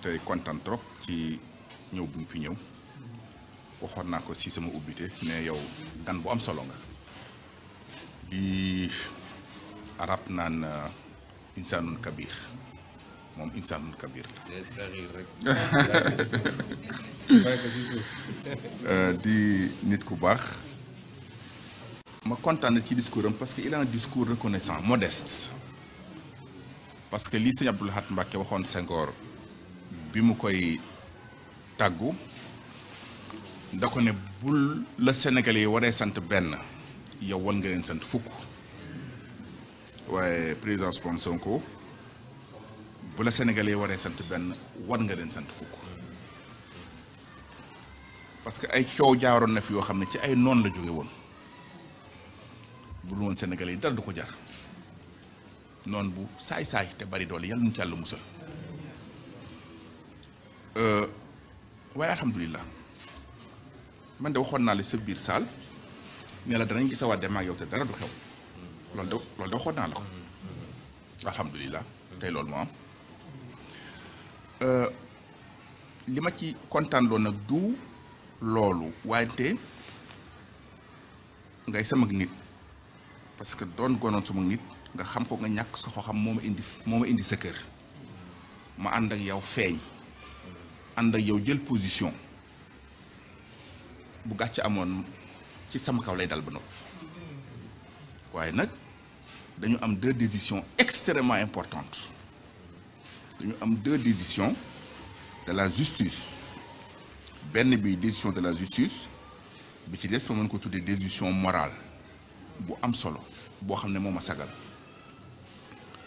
tey kontaan trop ci ñëw buñ fi ñëw waxoon naa ko si sama ubbite ne yow gan bu am solo nga di arab naan uh, insaanun kabir moom insaanun kabir uh, di nit ku baax ma kontaan na ci discours am parce que il a un discours reconnaissant modeste parce que lii sëñ Abdoul Ahad Mbacké waxoon Senghor bi mu koy tàggu da ko ne bul la Sénégalais yi waree sant benn yow war nga leen sant fukk waaye président Ousmane Sonko bu la Sénégalais yi waree sant benn war nga deen sant fukk parce que ay coow jaaroon na fi yoo xam ne ci ay noon la jóge woon bul woon Sénégalais yi dara du ko jar noon bu saay-saay te bari doole yàlla nu ci yàlla musal Euh, waaye alhamdulilah man de waxoon naa la sa biir saal ne la danañ gisawaat dem ak yow te dara du xew loolu de loolu la ko alhamdulilah tey loolu moo am euh, li ma ci kontaan loon nag du loolu wante ngay sama nit parce que doon gonoon sama nit nga xam ko nga ñàkk sa xoo xam indi moo ma indi sa kër ma ànd ak yow feeñ ànd ak yow jël position bu gàcc amoon ci sama kaw lay dal ba noppi waaye nag dañu am deux décisions extrêmement importantes dañu am deux décisions de la justice benn bi décision de la justice bi ci des ma mën ko tuddee décision morale bu am solo boo xam ne moom a sagal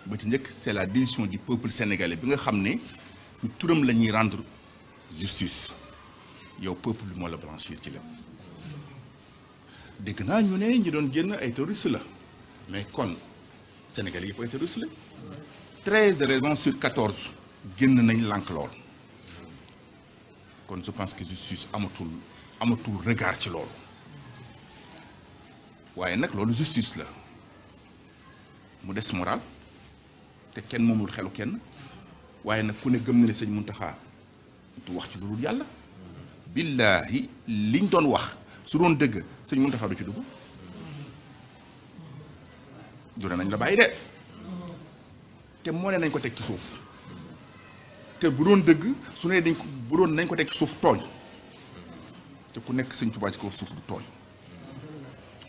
ba ci njëkk c'est la décision du peuple sénégalais bi nga xam ne ci turam la ñuy rendre justice yow peuple lu moo la blanchir ci lépp dégg naa ñu ne ñi doon génn ay terroriste la mais kon Sénégal yëpp ay terroriste la treize raisons sur quatorze génn nañ lànk lool kon je pense que justice amatul amatul regard ci loolu waaye nag loolu justice la mu des moral te kenn moomul xelu kenn waaye nag ku ne gëm na ne sëñ Muntaxa du wax ci lu dul yàlla billaahi liñ doon wax su doon dëgg sëñ Muntaxa du ci dugg du ne nañ la bàyyi de te moo ne nañ ko teg ci suuf te bu doon dëgg su ne dañ ko bu doon nañ ko teg ci suuf tooñ te ku nekk sëñ Tuubaa ci suuf du tooñ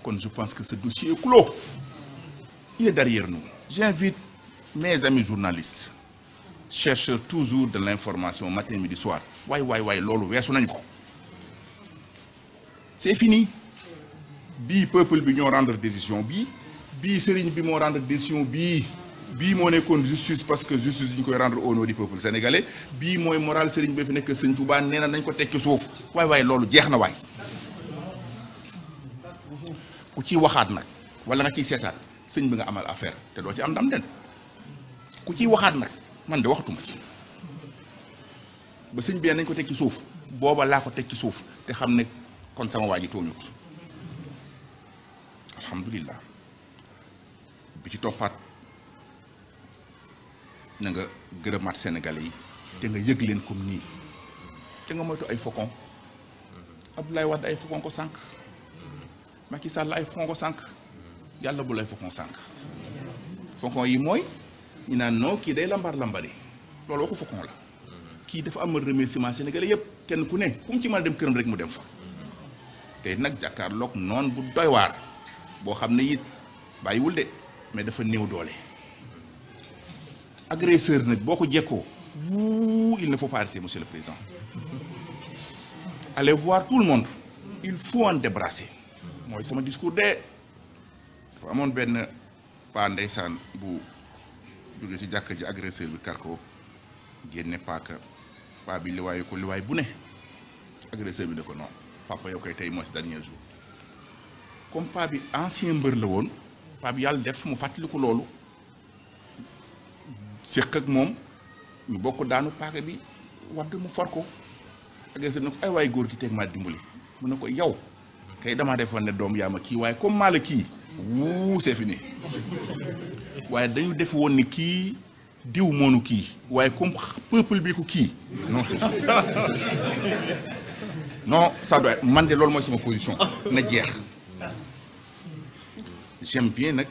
kon je pense que ce dossier est clos il est derrière nous j'invite mes amis journalistes chercheur toujours de l'information matin midi soir waaye waay waay loolu weesu nañ ko c'est fini bii peuple bi ñoo rendre décision bii bii sëriñ bi moo rendre décision bii bii moo nekkoon justice parce que justice yi ñu koy rendre au nom du peuple sénégalais bii mooy moral sëriñ bi fi nekk sëñ Touba nee na nañ ko tekki suuf waay waay loolu jeex na waay ku ci waxaat nag wala nga ciy seetaat sëñ bi nga amal affaire te doo ci am ndam den ku ciy waxaat nag man de waxtuma ci ba sëñ bi nañ ko teg ci suuf booba laa ko teg ci suuf te xam ne kon sama waa ji tooñut alhamdulilah bi ci toppaat na nga gërëmaat Sénégalais yi te nga yëg leen comme nii te nga moytu ay fokon Abdoulaye Wade ay fokon ko sànq Macky sàll ay fokon ko sànq yàlla bu lay fokon sànq fokon yi mooy ñu naan non kii day lambar lambari loolu waxu faucon la mm-hmm. kii dafa amal remerciement sénégalais yëpp kenn ku ne ku ci mën a dem këram rek mu dem fa mm-hmm. tey nag jàkkaarloog noonu bu doy waar boo xam ne it bàyyiwul de mais dafa néew doole agresseur nag boo ko jekkoo wuu il ne faut pas arrêter monsieur le président allez voir tout le monde il faut en débrasser mm-hmm. mooy sama discours de dafa amoon benn paa ndeysaan bu jóge si jàkk ji agresseur bi kar ko génne paaka paa bi liwaayu ko liwaay bu ne agresseur bi ne ko non papa yow tey mooy si dernier comme paa bi ancien mbër la woon paa bi yàlla def mu fàttaliku loolu séq ak moom ñu bokk daanu paaka bi wadd mu for ko agresseur bi ne ko ay waay góor gi teg maa dimbali mu ne ko yow kay damaa defoon ne doom yaa ma kii waaye comme maa la kii wuu c'est fini waaye dañu def woon ni kii diw moonu kii waaye comme peuple bi ko kii non c'est fini man de loolu mooy sama position na jeex j'aime bien nag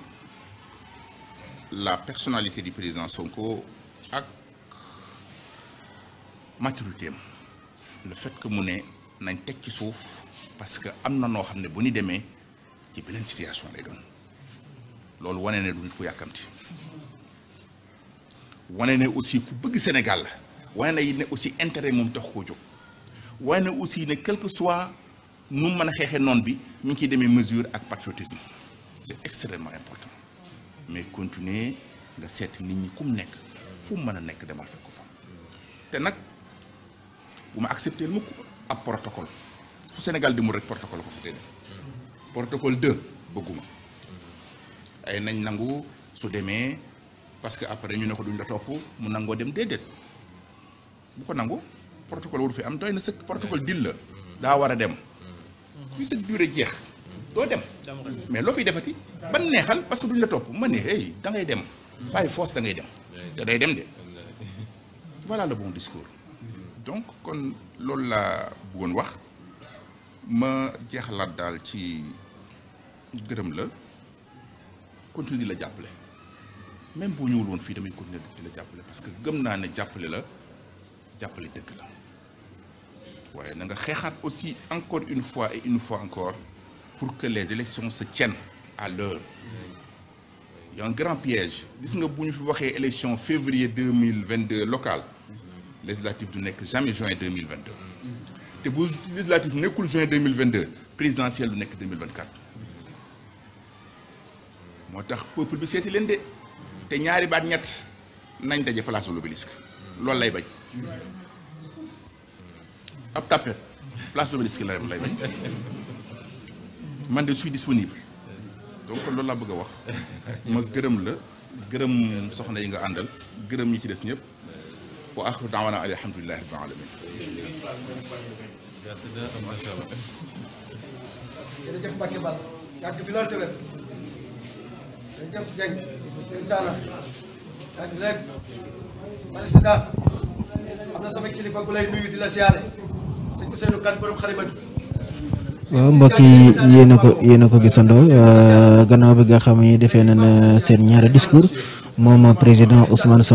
la personnalité di président Sonko ak maturité le fait que mu ne nañ teg ci suuf parce que am na noo xam ne bu ñu demee ci beneen situation lay doon loolu wane ne du nit ku yàkkamti wane ne aussi ku bëgg Sénégal la wane ne aussi intérêt moom tax koo jóg wane ne aussi ne quelque que soit nu mën a xeexee noon bi mi ngi ciy demee mesure ak patriotisme c'est extrêmement important mais continuer nga seet nit ñi ku mu nekk fu mu mën a nekk demal fekk ko fa te nag bu ma accepter mukk ab protocole fu Sénégal di mu rek protocole ko fa tey protocole 2 bëgguma ay nañ nangu su demee parce que après ñu ne ko duñ la topp mu nangoo dem déedéet bu ko nangu protocole waru fi am doy na sëkk protocole dil la daa war a dem fii sa durée jeex doo dem mais loo fiy defati ban neexal parce que duñ la topp ma ne hey dangay dem waaye force da dem te day dem de voilà le bon discours donc kon loolu laa bëggoon wax ma jeexalaat daal ci gërëm la continue di la jàppale même boo ñëwul woon fii tamit continue di la jàppale parce que gëm naa ne jàppale la jàppale dëgg la waaye na nga xeexaat aussi encore une fois et une fois encore pour que les élections se tiennent à l'heure y a un grand piège gis nga bu ñu fi waxee élection février deux mille vingt deux locale législative du nekk jamais juin deux mille vingt deux te bu législative nekkul juin deux mille vingt deux présidentielle du nekk moo tax peuple bi seeti leen de te ñaari baat ñett nañ daje place de l'Obélisque loolu lay bañ ab tàppet place de l'Obélisque lay bañ man de suis disponible donc loolu laa bëgg a wax ma gërëm la gërëm soxna yi nga àndal gërëm ñi ci des ñëpp wa axiru daawana alhamdulillahi rabbil alamin waaw mbokk yi yéen a ko yéen a ko gisandoo euh, gannaaw bi nga xam ne defee nañ euh, seen ñaari discours moom président Ousmane Sonko.